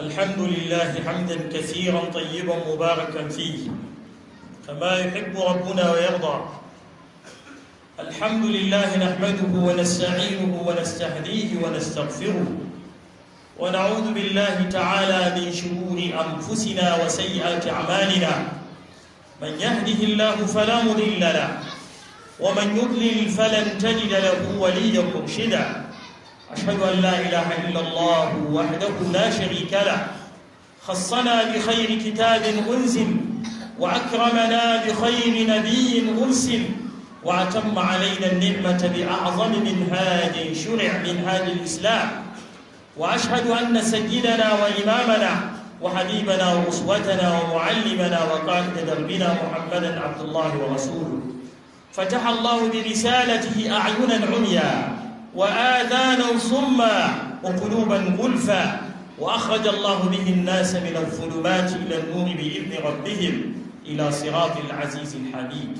الحمد لله حمدا كثيرا طيبا مباركا فيه كما يحب ربنا ويرضى الحمد لله نحمده ونستعينه ونستهديه ونستغفره ونعوذ بالله تعالى من شرور انفسنا وسيئات اعمالنا من يهده الله فلا مضل له ومن يضلل فلن تجد له وليا مرشدا أشهد أن لا إله إلا الله وحده لا شريك له خصنا بخير كتاب أنزل وأكرمنا بخير نبي أرسل وأتم علينا النعمة بأعظم منهاج شرع منهاج الإسلام وأشهد أن سيدنا وإمامنا وحبيبنا وأسوتنا ومعلمنا وقائد دربنا محمدا عبد الله ورسوله فتح الله برسالته أعينا عميا وآذانا صما وقلوبا غلفا وأخرج الله به الناس من الظلمات إلى النور بإذن ربهم إلى صراط العزيز الحميد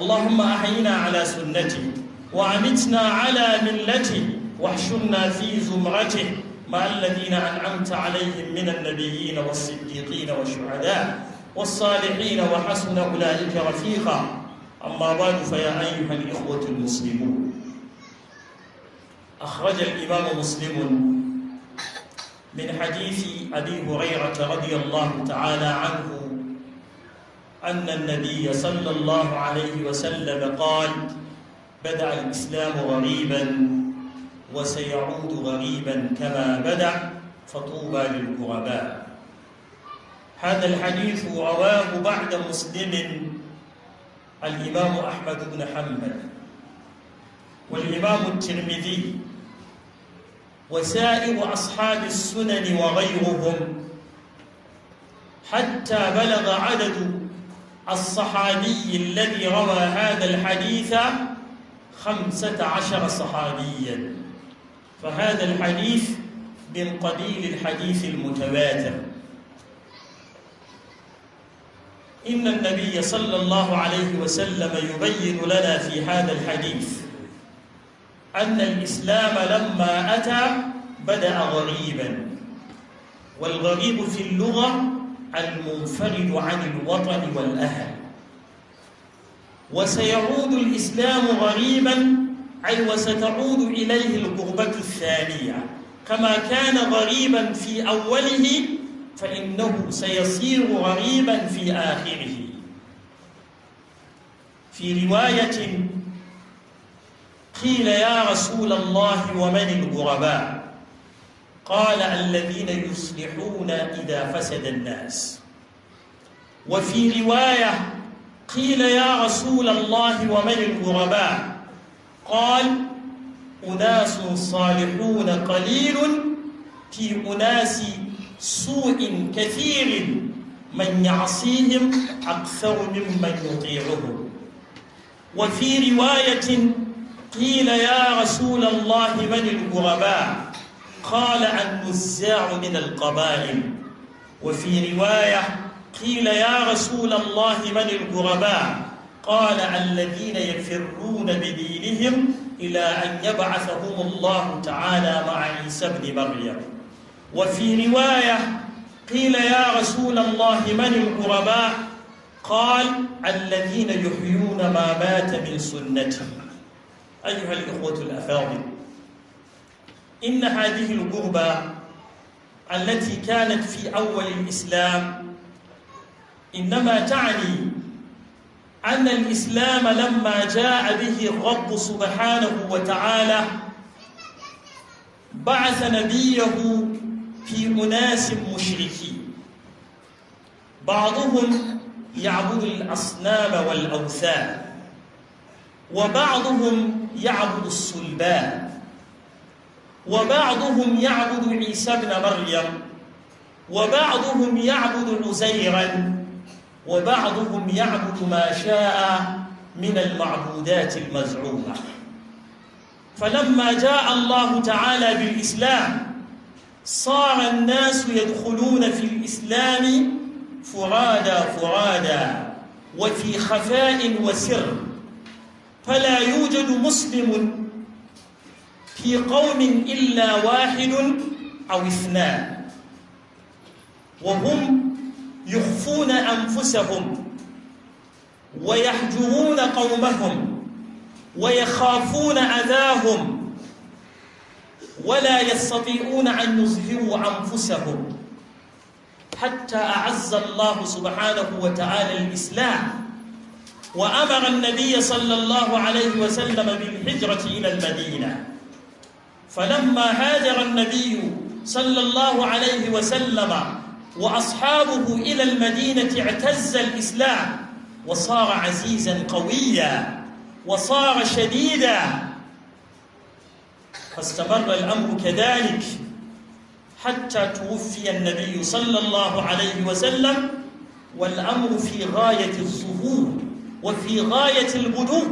اللهم أحينا على سنته وأمتنا على ملته واحشرنا في زمرته مع الذين أنعمت عليهم من النبيين والصديقين والشهداء والصالحين وحسن أولئك رفيقا أما بعد فيا أيها الإخوة المسلمون أخرج الإمام مسلم من حديث أبي هريرة رضي الله تعالى عنه أن النبي صلى الله عليه وسلم قال بدأ الإسلام غريبا وسيعود غريبا كما بدأ فطوبى للغرباء هذا الحديث رواه بعد مسلم الإمام أحمد بن حنبل والإمام الترمذي وسائر أصحاب السنن وغيرهم حتى بلغ عدد الصحابي الذي روى هذا الحديث خمسة عشر صحابيا فهذا الحديث من قبيل الحديث المتواتر إن النبي صلى الله عليه وسلم يبين لنا في هذا الحديث أن الإسلام لما أتى بدأ غريبا والغريب في اللغة المنفرد عن الوطن والأهل وسيعود الإسلام غريبا أي وستعود إليه الغربة الثانية كما كان غريبا في أوله فإنه سيصير غريبا في آخره في رواية قيل يا رسول الله ومن الغرباء قال الذين يصلحون إذا فسد الناس وفي رواية قيل يا رسول الله ومن الغرباء قال أناس صالحون قليل في أناس سوء كثير من يعصيهم أكثر ممن يطيعهم وفي رواية قيل يا رسول الله من الغرباء قال النزاع من القبائل وفي رواية قيل يا رسول الله من الغرباء قال الذين يفرون بدينهم إلى أن يبعثهم الله تعالى مع عيسى بن مريم وفي رواية قيل يا رسول الله من الغرباء قال الذين يحيون ما مات من سنته أيها الإخوة الأفاضل إن هذه الغربة التي كانت في أول الإسلام إنما تعني أن الإسلام لما جاء به الرب سبحانه وتعالى بعث نبيه في أناس مشركين بعضهم يعبد الأصنام والأوثان وبعضهم يعبد الصلبان وبعضهم يعبد عيسى بن مريم وبعضهم يعبد عزيرا وبعضهم يعبد ما شاء من المعبودات المزعومه فلما جاء الله تعالى بالاسلام صار الناس يدخلون في الاسلام فرادا فرادا وفي خفاء وسر فلا يوجد مسلم في قوم إلا واحد أو اثنان وهم يخفون أنفسهم ويحجرون قومهم ويخافون أذاهم ولا يستطيعون أن يظهروا أنفسهم حتى أعز الله سبحانه وتعالى الإسلام وأمر النبي صلى الله عليه وسلم بالهجرة إلى المدينة فلما هاجر النبي صلى الله عليه وسلم وأصحابه إلى المدينة اعتز الإسلام وصار عزيزا قويا وصار شديدا فاستمر الأمر كذلك حتى توفي النبي صلى الله عليه وسلم والأمر في غاية الظهور وفي غاية البدو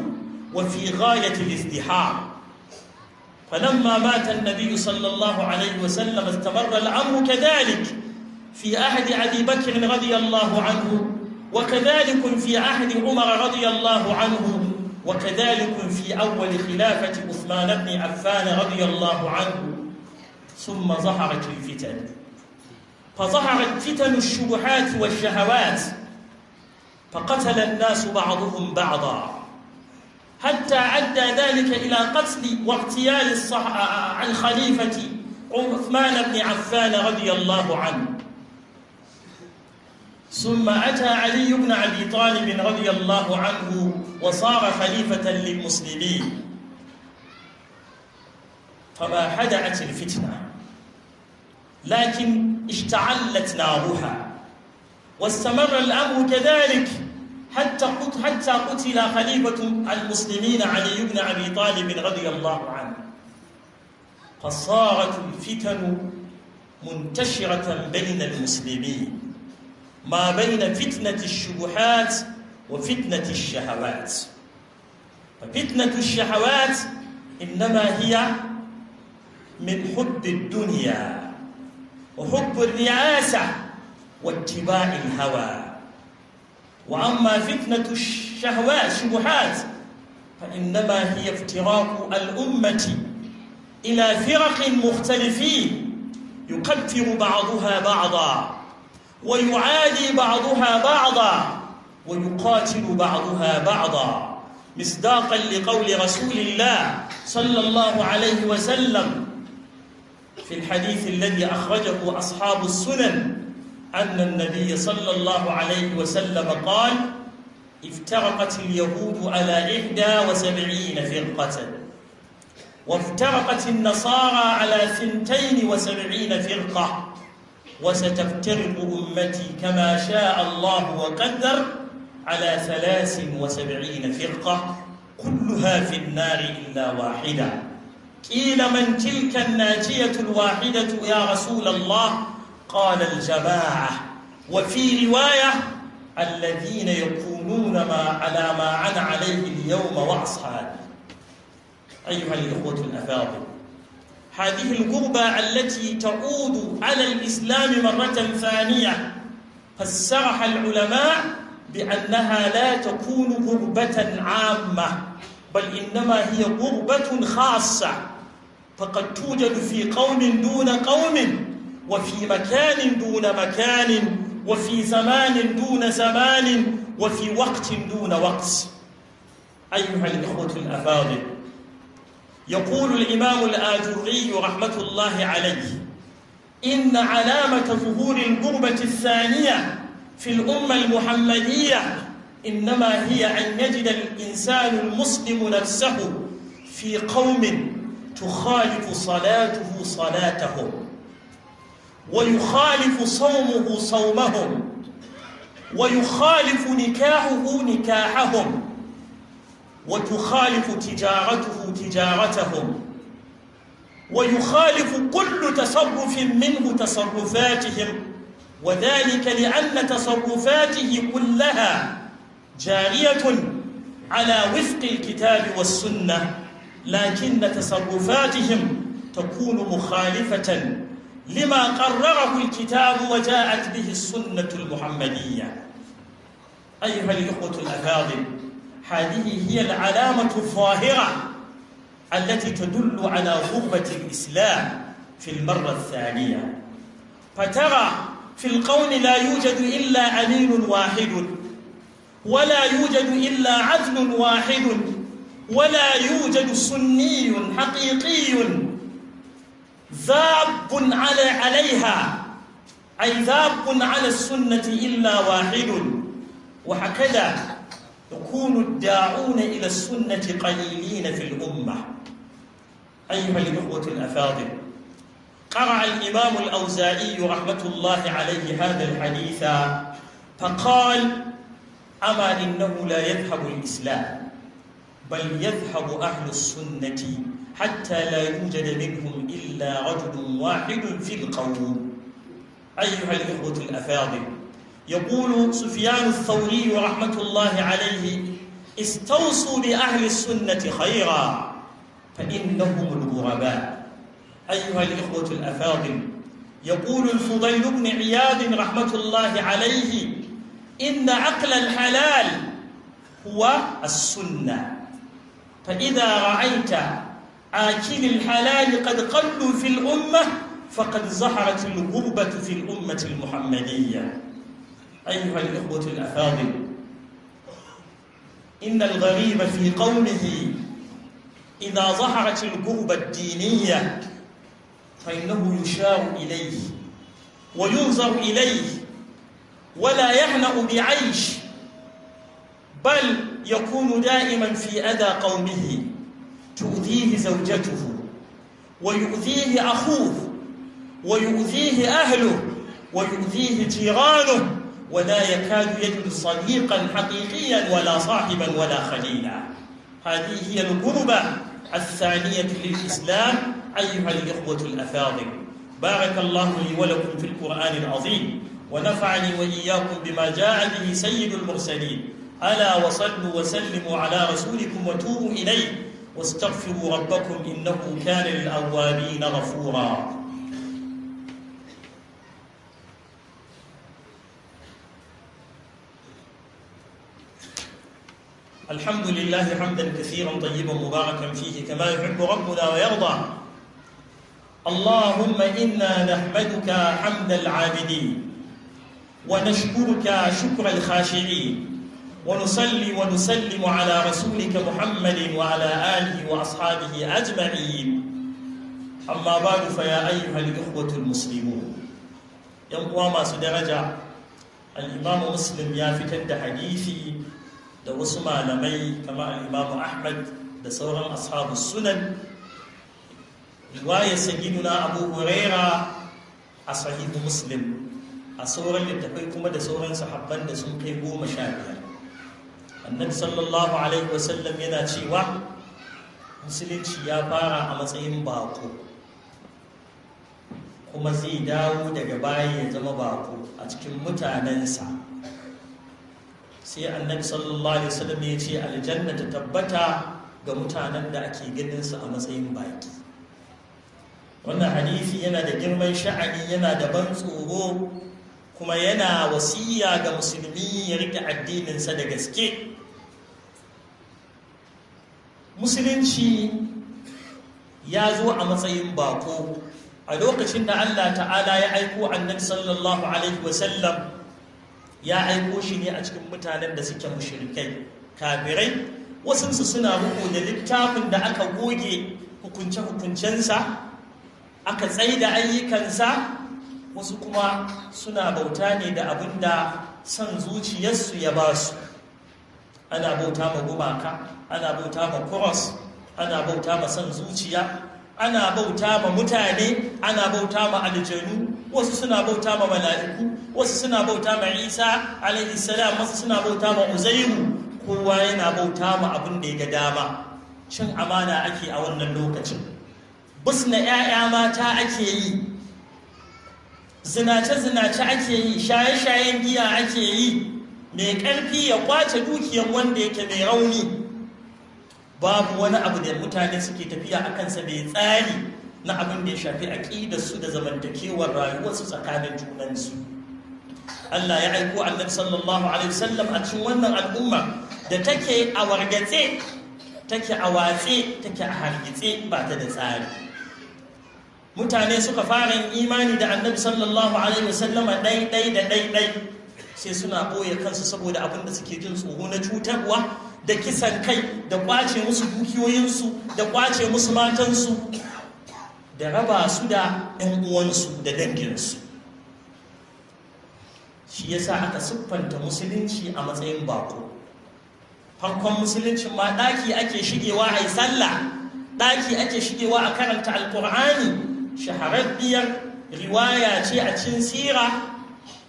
وفي غاية الازدحام فلما مات النبي صلى الله عليه وسلم استمر الأمر كذلك في عهد أبي بكر رضي الله عنه وكذلك في عهد عمر رضي الله عنه وكذلك في أول خلافة عثمان بن عفان رضي الله عنه ثم ظهرت الفتن فظهرت فتن الشبهات والشهوات فقتل الناس بعضهم بعضا حتى أدى ذلك إلى قتل واغتيال الخليفة عثمان بن عفان رضي الله عنه ثم أتى علي بن أبي طالب رضي الله عنه وصار خليفة للمسلمين فما حدعت الفتنة لكن اشتعلت نارها واستمر الأمر كذلك حتى قتل حتى قتل خليفة المسلمين علي بن أبي طالب رضي الله عنه فصارت الفتن منتشرة بين المسلمين ما بين فتنة الشبهات وفتنة الشهوات ففتنة الشهوات إنما هي من حب الدنيا وحب الرئاسة واتباع الهوى وأما فتنة الشهوات الشبهات فإنما هي افتراق الأمة إلى فرق مختلفين يكفر بعضها بعضا ويعادي بعضها بعضا ويقاتل بعضها بعضا مصداقا لقول رسول الله صلى الله عليه وسلم في الحديث الذي أخرجه أصحاب السنن أن النبي صلى الله عليه وسلم قال افترقت اليهود على إحدى وسبعين فرقة وافترقت النصارى على ثنتين وسبعين فرقة وستفترق أمتي كما شاء الله وقدر على ثلاث وسبعين فرقة كلها في النار إلا واحدة قيل من تلك الناجية الواحدة يا رسول الله؟ قال الجماعة وفي رواية الذين يكونون ما على ما أنا عليه اليوم وأصحابه أيها الإخوة الأفاضل هذه الغربة التي تعود على الإسلام مرة ثانية فسرح العلماء بأنها لا تكون غربة عامة بل إنما هي غربة خاصة فقد توجد في قوم دون قوم وفي مكان دون مكان وفي زمان دون زمان وفي وقت دون وقت أيها الإخوة الأفاضل يقول الإمام الآجري رحمة الله عليه إن علامة ظهور الغربة الثانية في الأمة المحمدية إنما هي أن يجد الإنسان المسلم نفسه في قوم تخالف صلاته صلاتهم ويخالف صومه صومهم ويخالف نكاحه نكاحهم وتخالف تجارته تجارتهم ويخالف كل تصرف منه تصرفاتهم وذلك لأن تصرفاته كلها جارية على وفق الكتاب والسنة لكن تصرفاتهم تكون مخالفة لما قرره الكتاب وجاءت به السنة المحمدية أيها الإخوة الأفاضل هذه هي العلامة الظاهرة التي تدل على غربة الإسلام في المرة الثانية فترى في القوم لا يوجد إلا أمين واحد ولا يوجد إلا عدل واحد ولا يوجد سني حقيقي ذاب على عليها أي ذاب على السنة إلا واحد وهكذا يكون الداعون إلى السنة قليلين في الأمة أيها الإخوة الأفاضل قرأ الإمام الأوزائي رحمة الله عليه هذا الحديث فقال أما إنه لا يذهب الإسلام بل يذهب أهل السنة حتى لا يوجد منهم إلا رجل واحد في القوم أيها الإخوة الأفاضل يقول سفيان الثوري رحمة الله عليه استوصوا بأهل السنة خيرا فإنهم الغرباء أيها الإخوة الأفاضل يقول الفضيل بن عياد رحمة الله عليه إن عقل الحلال هو السنة فإذا رأيت آكل الحلال قد قلوا في الأمة فقد ظهرت الغربة في الأمة المحمدية أيها الإخوة الأفاضل إن الغريب في قومه إذا ظهرت الغربة الدينية فإنه يشار إليه وينظر إليه ولا يهنأ بعيش بل يكون دائما في أذى قومه تؤذيه زوجته ويؤذيه أخوه ويؤذيه أهله ويؤذيه جيرانه ولا يكاد يجد صديقا حقيقيا ولا صاحبا ولا خليلا هذه هي القربة الثانية للإسلام أيها الإخوة الأفاضل بارك الله لي ولكم في القرآن العظيم ونفعني وإياكم بما جاء به سيد المرسلين ألا وصلوا وسلموا على رسولكم وتوبوا إليه واستغفروا ربكم إنه كان للأوابين غفورا الحمد لله حمدا كثيرا طيبا مباركا فيه كما يحب ربنا ويرضى اللهم إنا نحمدك حمد العابدين ونشكرك شكر الخاشعين ونصلي ونسلم على رسولك محمد وعلى آله وأصحابه أجمعين أما بعد فيا أيها الإخوة المسلمون ينقوى ما سدرجة الإمام مسلم يافتد حديثي دوسما لمي كما الإمام أحمد دسورا أصحاب السنن رواية سيدنا أبو هريرة أصحيح مسلم أصورا يتقيكم دسورا صحبا دسوكي قوم شابها annabi sallallahu alaihi wasallam yana cewa musulunci ya fara a matsayin bako kuma zai dawo daga baya ya zama bako a cikin mutanensa sai annabi sallallahu alaihi wasallam ya ce aljanna ta tabbata ga mutanen da ake ganinsa a matsayin baki wannan hadisi yana da girman sha'ani yana da ban tsoro kuma yana wasiya ga musulmi ya rike addininsa da gaske musulunci ya zo a matsayin bako a lokacin da Allah ta'ala ya aiko annabi sallallahu alaihi wasallam ya aiko shi ne a cikin mutanen da suke mushrikai kafirai wasansu suna ruku da littafin da aka goge hukunce-hukuncensa aka tsaida ayyukansa wasu kuma suna bauta ne da abin da son zuciyarsu ya ba su ana bauta ma gumaka ana bauta ma cross ana bauta ma san zuciya ana bauta ma mutane ana bauta ma aljanu wasu suna bauta ma mala'iku wasu suna bauta ma Isa alaihi salam wasu suna bauta ma Uzairu kowa yana bauta ma abin da ya ga dama Shin amana ake a wannan lokacin Bus na 'ya'ya mata ake yi zinace-zinace ake yi shaye-shayen giya ake yi mai ƙarfi ya kwace dukiyar wanda yake mai rauni babu wani abu da mutane suke tafiya a kansa mai tsari na abin da ya shafi aƙidarsu da zamantakewar rayuwarsu tsakanin junansu Allah ya aiko annabi sallallahu alaihi wasallam a cikin wannan al'umma da take a wargatse take a watse take a hargitse ba ta da tsari mutane suka fara yin imani da annabi sallallahu alaihi wasallam ɗai ɗai da ɗai sai suna ɓoye kansu saboda abin da suke jin tsoro na cutarwa da kisan kai da kwace musu dukiyoyinsu da kwace musu matansu da raba su da 'yan uwansu da danginsu shi yasa aka siffanta musulunci a matsayin bako farkon musulunci ma ɗaki ake shigewa a yi sallah ɗaki ake shigewa a karanta alkur'ani shahararriyar riwaya ce a cin sira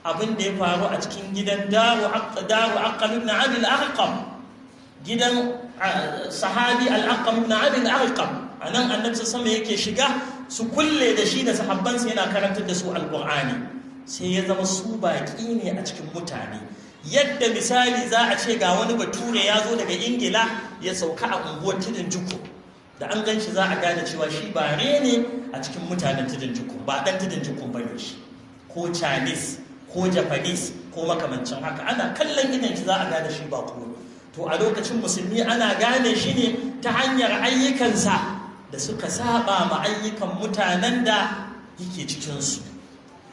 abin da ya faru a cikin gidan dawo aqqa na abin al gidan sahabi al na abin abi a nan yake shiga su kulle da shi da sahabbansa yana karantar da su alqur'ani sai ya zama su baƙi ne a cikin mutane yadda misali za a ce ga wani bature ya zo daga ingila ya sauka a unguwar tudun juku da an gan shi za a gane cewa shi ba ne a cikin mutanen tudun juku ba dan tudun juku ba ne shi ko chinese ko japanese ko makamancin haka ana kallon idan shi za a gane shi ba komai to a lokacin musulmi ana gane shi ne ta hanyar ayyukansa da suka saba ma ayyukan mutanen da yake cikinsu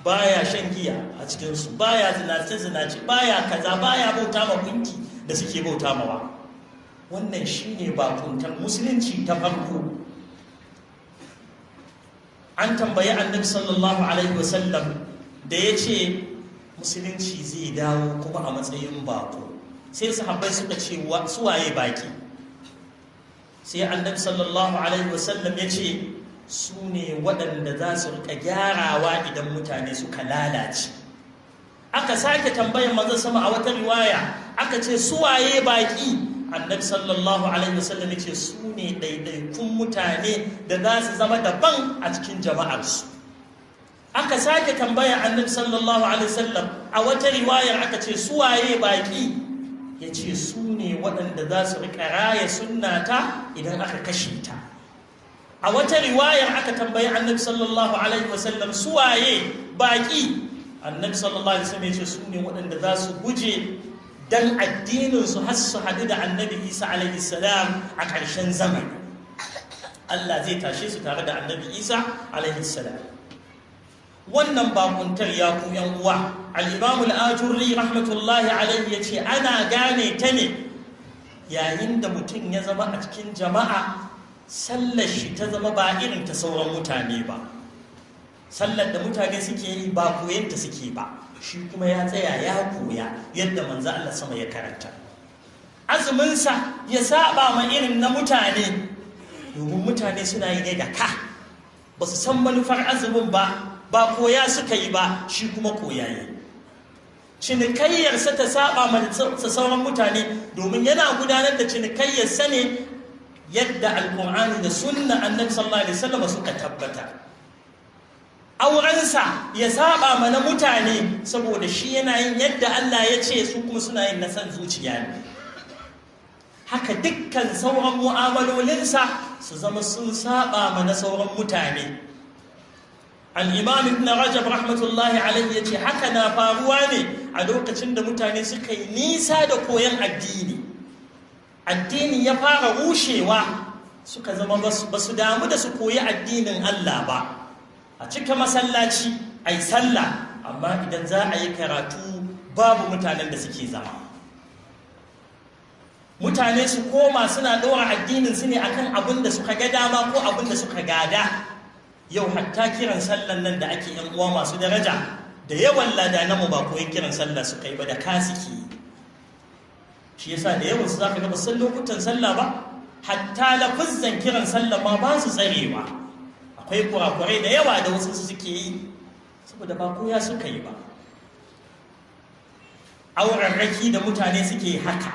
baya shan giya a cikinsu baya zinace zinace baya kaza baya bauta ma gunki da suke bauta mawa wannan shine bakuntan musulunci ta farko an tambayi annabi sallallahu alaihi wasallam da ya ce musulunci zai dawo kuma a matsayin bako sai sahabbai suka ce su baki sai annabi sallallahu alaihi wasallam ya ce su ne waɗanda za su rika gyarawa idan mutane suka lalace aka sake tambayar manzon sama a wata riwaya aka ce suwaye waye baki annabi sallallahu alaihi wasallam ya ce su ne ɗaiɗaikun mutane da za su zama daban a cikin jama'arsu aka sake tambaya annabi sallallahu alaihi wasallam a wata riwayar aka ce su waye baki ya ce su ne waɗanda za su riƙa raya ta idan aka kashe ta a wata riwayar aka tambayi annabi sallallahu alaihi wasallam su waye baki annabi sallallahu alaihi wasallam ya ce su ne waɗanda za su guje dan addinin su har su haɗu da annabi isa alaihi salam a ƙarshen zamani Allah zai tashe su tare da annabi isa alaihi salam wannan bakuntar ya ku yan uwa al-imamu al-ajurri rahmatullahi alayhi yace ana gane ta ne yayin da mutum ya zama a cikin jama'a sallar shi ta zama ba irin ta sauran mutane ba sallar da mutane suke yi ba koyanta suke ba shi kuma ya tsaya ya koya yadda manzo Allah sama ya karanta azuminsa ya saba ma irin na mutane domin mutane suna yi ne da ka ba su san manufar azumin ba ba koya suka yi ba shi kuma koya yi cinikayyarsa ta saba mansa sauran mutane domin yana gudanar da cinikayyarsa ne yadda alkur'ani da sunna annabi sallallahu alaihi wasallam suka tabbata aurensa ya saba na mutane saboda shi yana yin yadda Allah ya ce su kuma suna yin na zuciya ne haka dukkan sauran mu'amalolinsa su zama sun saba mana sauran mutane al'imam ibn rajab rahmatullahi alayhi ya ce haka na faruwa ne a lokacin da mutane suka yi nisa da koyon addini addini ya fara rushewa suka zama ba su damu da su koyi addinin Allah ba a cika masallaci a yi sallah amma idan za a yi karatu babu mutanen da suke zama mutane su koma suna ɗora addinin su ne akan abin da suka ga dama ko abin da suka gada yau hatta kiran sallan nan da ake yan uwa masu daraja da yawan ladananmu ba koyi kiran sallah su kai ba da kasiki shi yasa da yawan su za ka ga san lokutan sallah ba hatta lafazzan kiran sallah ma ba su tsarewa akwai kurakurai da yawa da wasu suke yi saboda ba koya su kai ba aurarraki da mutane suke haka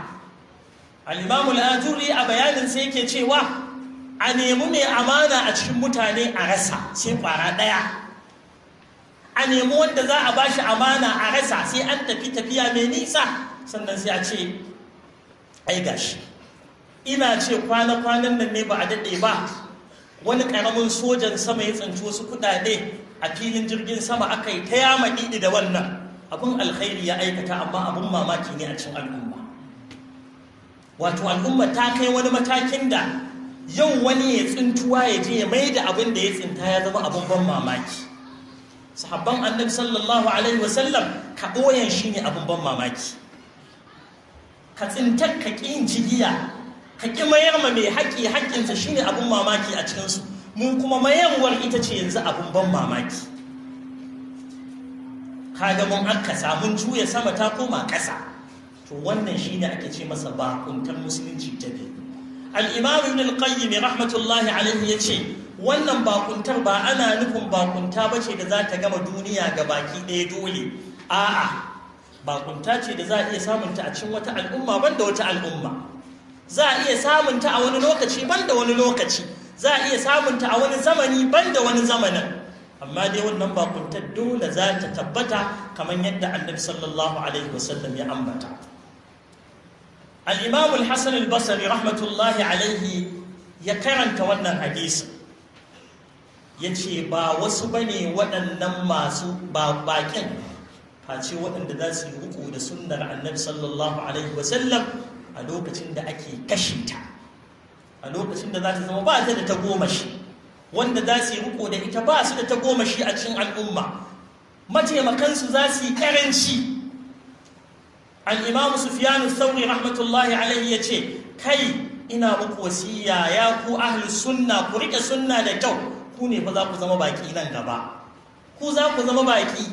al-imamu al-ajuri a bayanin sai yake cewa a nemi mai amana a cikin mutane a rasa sai kwara ɗaya a nemi wanda za a bashi amana a rasa sai an tafi tafiya mai nisa sannan sai a ce ai gashi ina ce kwana-kwanan nan ne ba a daɗe ba wani ƙaramin sojan sama ya tsanci wasu kuɗaɗe a filin jirgin sama aka yi ta yama ɗiɗi da wannan abin alkhairi ya aikata amma abin mamaki ne a cikin al'umma wato al'umma ta kai wani matakin da yau wani ya tsintuwa ya je ya mai da abin da ya tsinta ya zama abin ban mamaki sahabban annabi sallallahu alaihi wasallam ka ɓoyan shi ne abin ban mamaki ka tsintar ka yin jigiya ka ƙi mayar ma mai haƙƙi haƙƙinsa shi ne abin mamaki a cikinsu Mun kuma mayarwar ita ce yanzu abin ban mamaki kaga mun akasa samun juya sama ta koma ƙasa to wannan shi ne ake ce masa bakuntan musulunci ta biyu al'imam ibn al-qayyim rahmatullahi alaihi ya ce wannan bakuntar ba ana nufin bakunta ba ce da za ta gama duniya ga baki ɗaya dole a'a bakunta ce da za a iya samunta a cikin wata al'umma banda wata al'umma za a iya samunta a wani lokaci banda wani lokaci za a iya samunta a wani zamani banda wani zamanin amma dai wannan bakuntar dole za ta tabbata kamar yadda annabi sallallahu alaihi wasallam ya ambata al-imam al-hasan al-basri rahmatullahi alaihi ya karanta wannan hadisi yace ba wasu bane waɗannan masu ba bakin face waɗanda za su yi ruku da sunnar annabi sallallahu alaihi wasallam a lokacin da ake kashinta. a lokacin da za ta zama ba ta da ta goma wanda za su yi ruko da ita ba su da ta goma a cikin al'umma mataimakansu za su yi ƙaranci. al imamu sufyan sauri rahmatullahi ya yace kai ina muku wasiya ya ku ahli sunna ku rike sunna da kyau ku ne fa za ku zama baki nan gaba ku za ku zama baki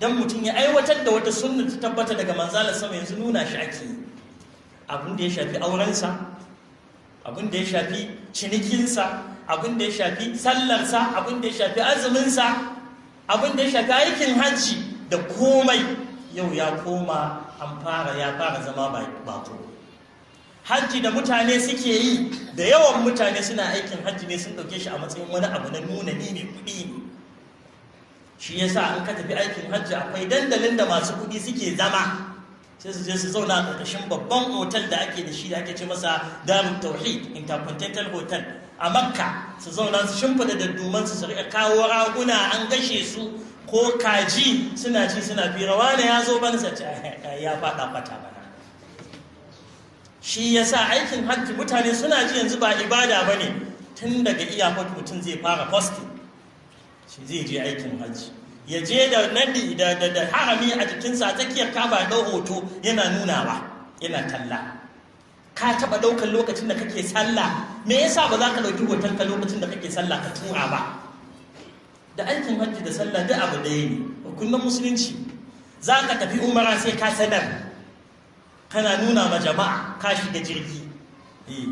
dan mutum ya aiwatar da wata sunna ta tabbata daga manzalar sama yanzu nuna shi ake abin da ya shafi aurensa abin da ya shafi cinikinsa abin da ya shafi sallarsa abin da ya shafi azuminsa abin da ya shafi aikin hajji da komai yau ya koma an fara ya fara zama bako hajji da mutane suke yi da yawan mutane suna aikin hajji ne sun ɗauke shi a matsayin wani abu na nuna ne ne kuɗi ne shi yasa an ka tafi aikin hajji akwai dandalin da masu kuɗi suke zama sai su je su zauna a ƙarƙashin babban otal da ake da shi da ake ce masa damun tauhid intercontinental hotel a makka su zauna su shimfida da duman su riƙa kawo raguna an gashe su ko kaji suna ci suna fira ne ya zo bana sace ya faɗa fata bana shi yasa aikin hajji mutane suna ji yanzu ba ibada ba ne tun daga iyakar mutum zai fara fosti shi zai je aikin hajji ya je da nadi da harami a jikinsa a tsakiyar kaba da hoto yana nunawa yana talla ka taba ɗaukar lokacin da kake sallah me yasa ba za ka ɗauki hoton ka lokacin da kake sallah ka tura ba da aikin hajji da sallah duk abu ɗaya ne hukunan musulunci za ka tafi umara sai ka sanar kana nuna ma jama'a ka shiga jirgi eh.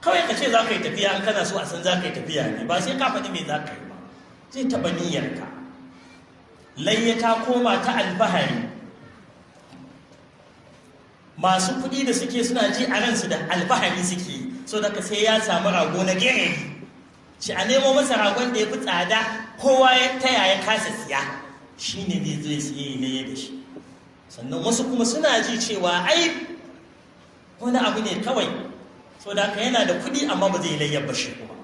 kawai ka ce za ka yi tafiya an kana so a san za ka yi tafiya ne ba sai ka faɗi me za ka yi ba zai taɓa niyyarka layya ta koma ta alfahari masu kuɗi da suke suna ji a ransu da alfahari suke so daga sai ya samu rago na gereri shi a nemo masa ragon da ya fi tsada kowa ya taya ya kasa siya shi ne zai zai siye ne da shi sannan wasu kuma suna ji cewa ai wani abu ne kawai so da ka yana da kuɗi amma ba zai layyar ba shi kuma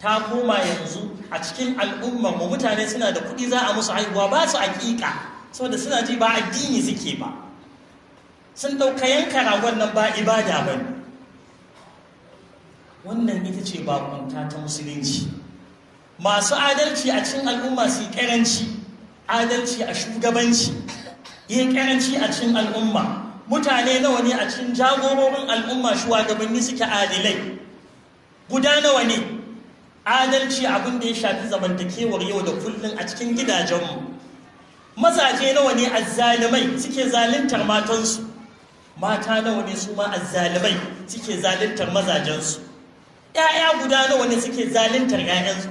ta koma yanzu a cikin al'ummar mu mutane suna da kuɗi za a musu haihuwa ba su aƙiƙa saboda suna ji ba addini suke ba sun ɗauka yanka ragon nan ba ibada ba ne wannan ita ce bakunta ta musulunci masu adalci a cikin al'umma su karanci adalci a shugabanci yi karanci a cikin al'umma mutane nawa ne a cikin jagororin al'umma shugabanni suke adilai guda nawa ne adalci abin da ya shafi zamantakewar yau da kullum a cikin gidajenmu mazaje nawa ne azzalimai suke zaluntar matansu mata nawa ne su ma azzalimai suke zaluntar mazajensu ‘ya'ya guda nawa ne suke zalintar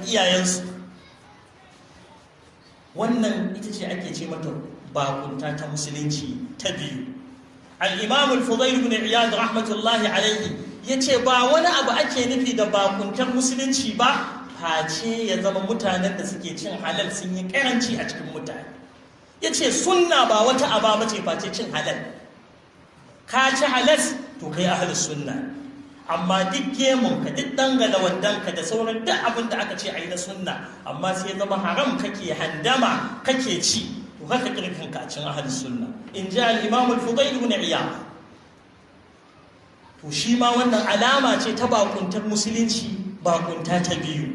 iyayensu wannan ita ce ake ce mata bakunta ta musulunci ta biyu al'imamul fudail ibn iyad rahmatullahi alaihi ya ce ba wani abu ake nufi da bakuntar musulunci ba face ya zama mutanen da suke cin halal sun yi karanci a cikin mutane ya ce sunna ba wata aba mace face cin halal ka ci halas to kai ahalus sunna amma duk ka duk ka da sauran duk abin da aka ce a yi na sunna amma sai zama haram kake handama kake ci to haka kirkin cin ahal sunna in ji al-imam al ibn to shi ma wannan alama ce ta bakuntar musulunci bakunta ta biyu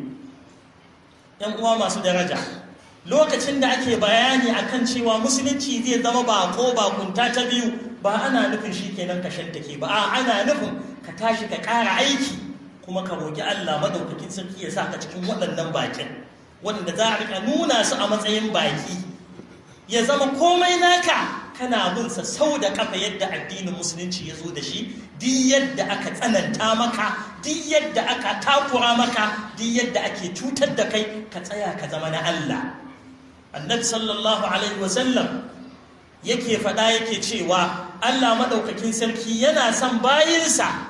yan uwa masu daraja lokacin da ake bayani akan cewa musulunci zai zama bako bakunta ta biyu ba ana nufin shi kenan kashen take ba a ana nufin ka tashi ka ƙara aiki kuma ka roƙi Allah madaukakin sarki ya sa ka cikin waɗannan bakin waɗanda za a riƙa nuna su a matsayin baki ya zama komai naka kana bin sa sau da kafa yadda addinin musulunci ya zo da shi duk yadda aka tsananta maka duk yadda aka takura maka duk yadda ake cutar da kai ka tsaya ka zama na Allah annabi sallallahu alaihi wa sallam yake faɗa yake cewa Allah madaukakin sarki yana son bayinsa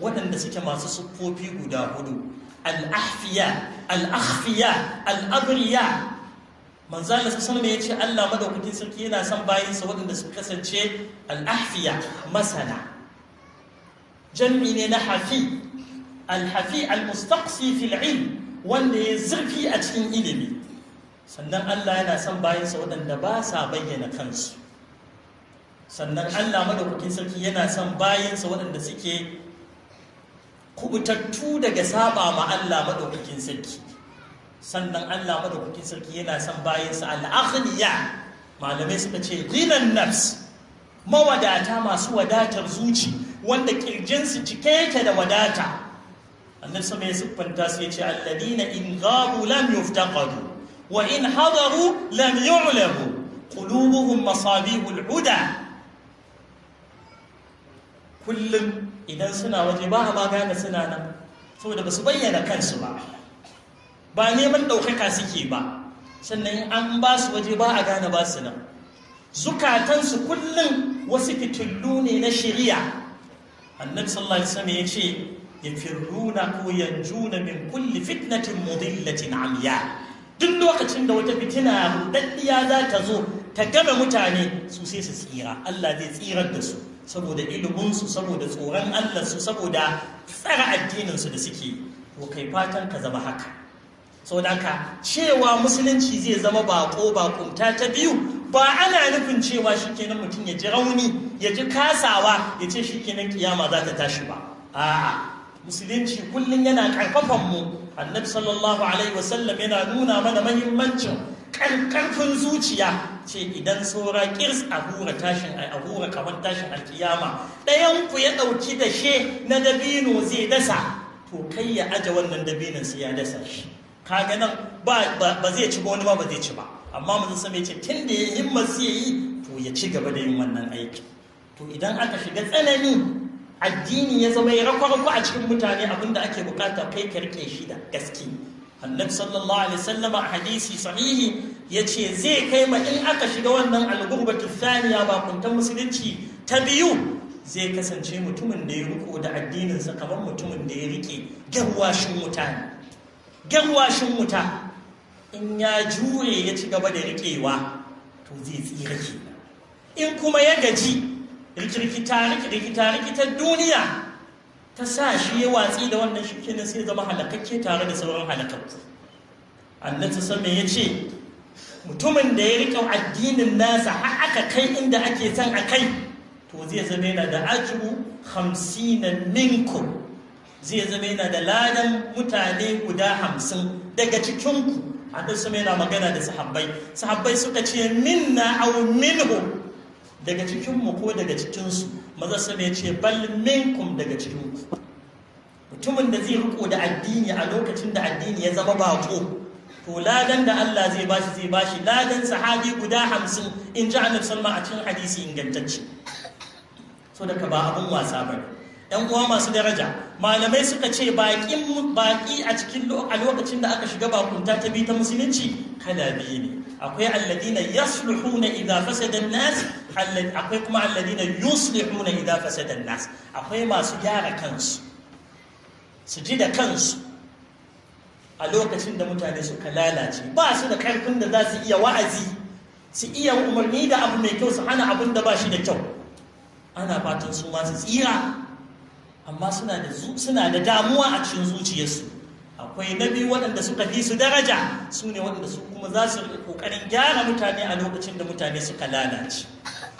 waɗanda suke masu siffofi guda hudu al'afiya al'afiya al'abriya manzo Allah sallallahu alaihi wasallam Allah madaukakin sarki yana son bayansa waɗanda su kasance al'afiya masana jam'i ne na hafi al al-mustaqsi fil ilm wanda ya zurfi a cikin ilimi sannan Allah yana son bayansa waɗanda ba sa bayyana kansu sannan Allah madaukakin sarki yana son bayansa waɗanda suke kubutattu daga saba ma Allah maɗaukakin sarki sannan Allah maɗaukakin sarki yana son bayansa al-aghniya malamai suka ce ghinan nafs mawadata masu wadatar zuci wanda kirjinsu cike yake da wadata annabi sama ya siffanta su yace alladina in ghabu lam yuftaqadu wa in hadaru lam yu'lamu qulubuhum masabihul huda kullum idan suna waje ba a ba gane suna nan saboda ba su bayyana kansu ba ba neman ɗaukaka suke ba sannan an ba su waje ba a gane ba su nan zukatansu kullum wasu fitullu ne na shari'a annabi sallallahu alaihi wasallam ya ce yafirruna ko yanjuna min kulli fitnatin mudillatin amiya duk lokacin da wata fitina rudaddiya za ta zo ta gama mutane su sai su tsira Allah zai tsirar da su saboda iliminsu saboda tsoron allansu saboda tsara addininsu da suke to kai fatan ka zama haka saboda haka cewa musulunci zai zama bako bakunta ta biyu ba ana nufin cewa shikenan mutum ya ji rauni ya ji kasawa ya ce shikenan kiyama za ta tashi ba a'a musulunci kullum yana karfafan mu annabi sallallahu alaihi wasallam yana nuna mana mahimmancin Ƙarfin zuciya ce idan saura kirs a hura tashin a hura kamar tashin alkiyama ɗayan ku ya ɗauki da she na dabino zai dasa to kai ya aje wannan dabinon sai ya dasa shi kaga nan ba zai ci ba wani ba ba zai ci ba amma mun san ya ce tun da ya himma masu yi to ya ci gaba da yin wannan aiki to idan aka shiga tsanani addini ya zama ya rakwarku a cikin mutane abinda ake bukata kai karke shi da gaske annabi sallallahu alaihi wasallam a hadisi sahihi yace zai kai ma in aka shiga wannan al-ghurbatu thaniya ba kuntan musulunci ta biyu zai kasance mutumin da ya ruko da addinin sa kamar mutumin da ya rike gawashin mutane gawashin wuta in ya jure ya ci gaba da rikewa to zai tsira ke in kuma ya gaji rikirkita rikirkita rikitar duniya ta sa shi ya watsi da wannan shi kenan sai zama halakakke tare da sauran halakar annabi ta ya ce mutumin da ya rika addinin nasa har aka kai inda ake son a kai to zai zama yana da ajiyu hamsinan ninku zai zama yana da ladan mutane guda hamsin daga cikinku a sama yana magana da sahabbai sahabbai suka ce minna au minhu daga cikinmu ko daga cikinsu maza sama ya ce bal daga cikin mutumin da zai riko da addini a lokacin da addini ya zama bako to ladan da Allah zai bashi zai bashi ladan sahabi guda hamsin in ji annabi salma a cikin hadisi ingantacce so daga ba abun wasa ba Ɗan uwa masu daraja malamai suka ce baƙin baƙi a cikin lokacin da aka shiga bakunta ta bi ta musulunci kala biyu ne akwai alladina yasluhuna idza fasada an-nas akwai kuma alladina yuslihuna idza fasada an-nas akwai masu gyara kansu su ji da kansu a lokacin da mutane suka lalace ba su da karfin da za su iya wa'azi su iya umarni da abu mai kyau su hana abin da ba shi da kyau ana fatan su ma su tsira amma suna da damuwa a cikin zuciyarsu akwai na biyu waɗanda suka fi su daraja su ne waɗanda su kuma za su ƙoƙarin gyara mutane a lokacin da mutane suka lalace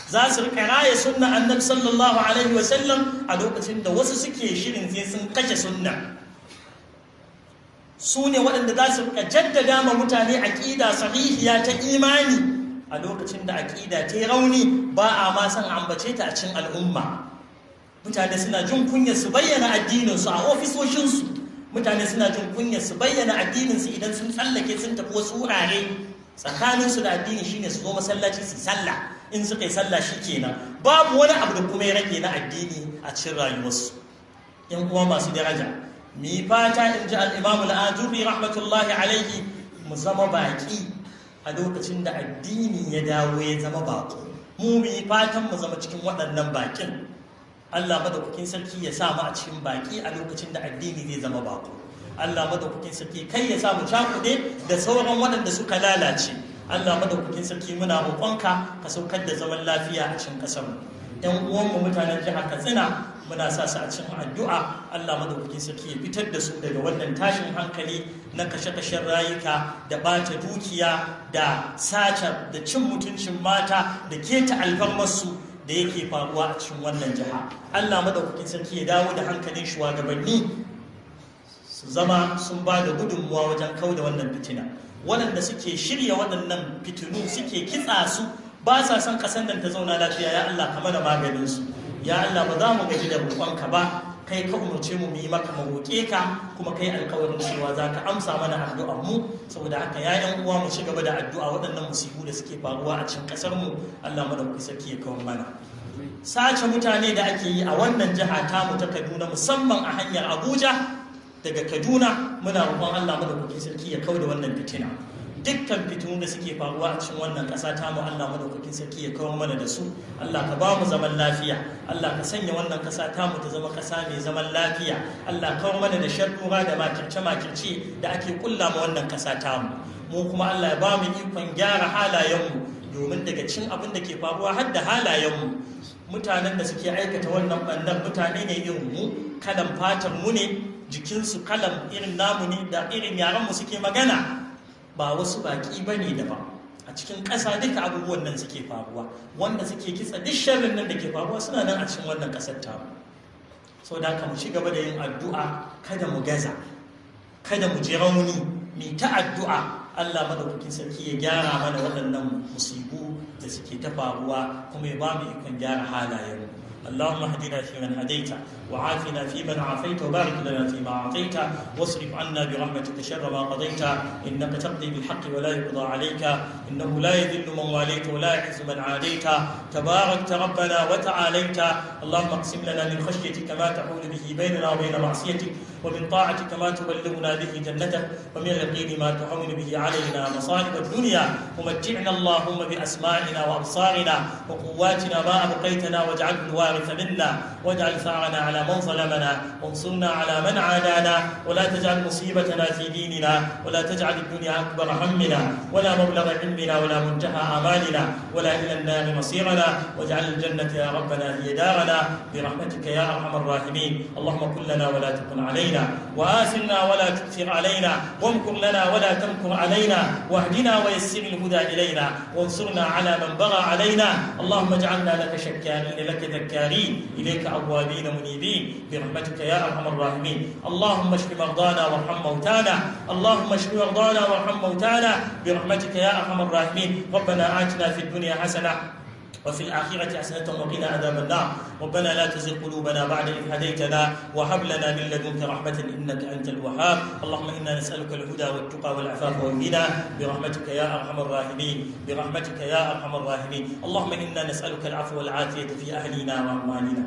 za su rika raya sunna annabi sallallahu alaihi wa sallam a lokacin da wasu suke shirin sai sun kashe sunna su ne waɗanda za su rika jaddada ma mutane aƙida sahihiya ta imani a lokacin da aƙida ta yi rauni ba a ma son ambace ta a cikin al'umma mutane suna jin kunya su bayyana addininsu a ofisoshinsu mutane suna jin kunya su bayyana addininsu idan sun tsallake sun tafi wasu wurare tsakaninsu da addini shine su zo masallaci su sallah in suka yi sallah shi kenan babu wani abu da kuma ya rage na addini a cikin rayuwarsu yan uwa masu daraja mi fata in ji al'imamu al'ajuri rahmatullahi alaihi mu zama baki a lokacin da addini ya dawo ya zama bako mu mi fatan mu zama cikin waɗannan bakin Allah madaukakin sarki ya sa mu a cikin baki a lokacin da addini zai zama bako Allah madaukakin sarki kai ya sa mu cakude da sauran waɗanda suka lalace Allah madaukakin sarki muna roƙonka ka saukar da zaman lafiya a cikin ƙasar mu ɗan uwanmu mutanen jihar Katsina muna sa su a cikin addu'a Allah madaukakin sarki ya fitar da su daga wannan tashin hankali na kashe-kashen rayuka da bata dukiya da sacar da cin mutuncin mata da keta alfarmarsu da yake faruwa a cikin wannan jiha Allah madaukakin sarki ya dawo da hankalin shugabanni su zama sun ba da gudunmuwa wajen kau da wannan fitina waɗanda suke shirya waɗannan fitinu suke kitsa su ba sa son ƙasar nan ta zauna lafiya ya Allah kamar da maganin su ya Allah ba za mu gaji da roƙonka ba kai ka umarce mu mu yi maka mu ka kuma kai alkawarin cewa za ka amsa mana addu'ar mu saboda haka ya yan uwa mu ci gaba da addu'a waɗannan musibu da suke faruwa a cikin ƙasar mu Allah sarki ya kawo mana sace mutane da ake yi a wannan jiha mu ta Kaduna musamman a hanyar Abuja daga Kaduna muna roƙon Allah madaukaki sarki ya kawo da wannan fitina dukkan fitun da suke faruwa a cikin wannan ƙasa ta mu Allah madaukakin sarki ya kawo mana da su Allah ka ba mu zaman lafiya Allah ka sanya wannan ƙasa ta mu ta zama ƙasa mai zaman lafiya Allah kawo mana da sharrura da makirce makirce da ake kulla mu wannan ƙasa ta mu mu kuma Allah ya ba mu ikon gyara halayenmu domin daga cin abin da ke faruwa har da halayenmu mutanen da suke aikata wannan bandan mutane ne irin mu kalan fatan mu ne jikinsu kalan irin namu ne da irin yaran mu suke magana ba wasu baƙi ba ne da ba. a cikin ƙasa duka abubuwan nan suke faruwa wanda suke kitsa duk sharrin nan da ke faruwa suna nan a cikin wannan ƙasar tamu sau da mu ci gaba da yin addu'a kada mu gaza kada mu ji rauni mai ta addu'a Allah madaukakin sarki ya gyara mana waɗannan musibu da suke ta faruwa kuma ya ba mu ikon gyara halayen Allahumma hadina fi man hadaita وعافنا فيمن عافيت وبارك لنا فيما أعطيت واصرف عنا برحمتك شر ما قضيت إنك تقضي بالحق ولا يقضى عليك إنه لا يذل من واليت ولا يعز من عاديت تباركت ربنا وتعاليت اللهم اقسم لنا من خشيتك ما تحول به بيننا وبين معصيتك ومن طاعتك ما تبلغنا به جنتك ومن اليقين ما تحول به علينا مصائب الدنيا ومتعنا اللهم بأسماعنا وأبصارنا وقواتنا ما أبقيتنا واجعله الوارث منا واجعل ثارنا على من ظلمنا وانصرنا على من عادانا ولا تجعل مصيبتنا في ديننا ولا تجعل الدنيا أكبر همنا ولا مبلغ علمنا ولا منتهى آمالنا ولا إلى النار مصيرنا واجعل الجنة يا ربنا هي دارنا برحمتك يا أرحم الراحمين اللهم كن لنا ولا تكن علينا وآثرنا ولا تكثر علينا وامكر لنا ولا تمكر علينا واهدنا ويسر الهدى إلينا وانصرنا على من بغى علينا اللهم اجعلنا لك شكارين لك ذكارين إليك أوابين منيبين المسلمين برحمتك يا ارحم الراحمين اللهم اشف مرضانا وارحم موتانا اللهم اشف مرضانا وارحم موتانا برحمتك يا ارحم الراحمين ربنا اتنا في الدنيا حسنه وفي الآخرة حسنة وقنا عذاب النار ربنا لا تزغ قلوبنا بعد إذ هديتنا وهب لنا من لدنك رحمة إنك أنت الوهاب اللهم إنا نسألك الهدى والتقى والعفاف والغنى برحمتك يا أرحم الراحمين برحمتك يا أرحم الراحمين اللهم إنا نسألك العفو والعافية في أهلنا وأموالنا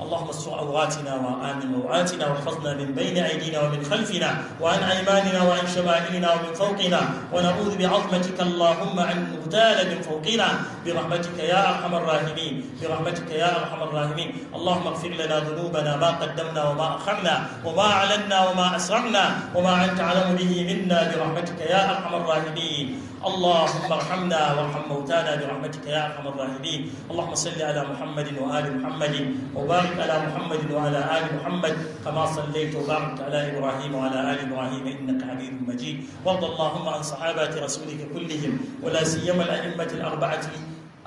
اللهم استر عوراتنا وآمن روعاتنا واحفظنا من بين أيدينا ومن خلفنا وعن أيماننا وعن شمائلنا ومن فوقنا ونعوذ بعظمتك اللهم أن نغتال من فوقنا برحمتك يا أرحم الراحمين برحمتك يا أرحم الراحمين اللهم اغفر لنا ذنوبنا ما قدمنا وما أخرنا وما أعلنا وما أسرعنا وما أنت أعلم به منا برحمتك يا أرحم الراحمين اللهم ارحمنا وارحم موتانا برحمتك يا ارحم الراحمين اللهم صل على محمد وال محمد وبارك على محمد وعلى ال محمد كما صليت وباركت على ابراهيم وعلى ال ابراهيم انك حميد مجيد وارض اللهم عن صحابه رسولك كلهم ولا سيما الائمه الاربعه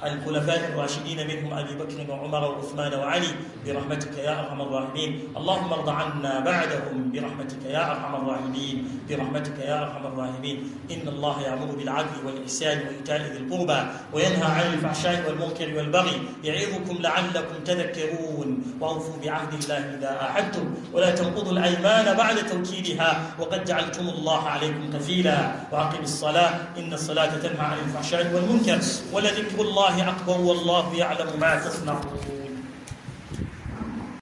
الخلفاء الراشدين منهم أبي بكر وعمر وعثمان وعلي برحمتك يا أرحم الراحمين اللهم ارض عنا بعدهم برحمتك يا أرحم الراحمين برحمتك يا أرحم الراحمين إن الله يأمر بالعدل والإحسان وإيتاء ذي القربى وينهى عن الفحشاء والمنكر والبغي يعظكم لعلكم تذكرون وأوفوا بعهد الله إذا عاهدتم ولا تنقضوا الأيمان بعد توكيدها وقد جعلتم الله عليكم كفيلا وأقم الصلاة إن الصلاة تنهى عن الفحشاء والمنكر ولذكر الله الله أكبر والله يعلم ما تصنعون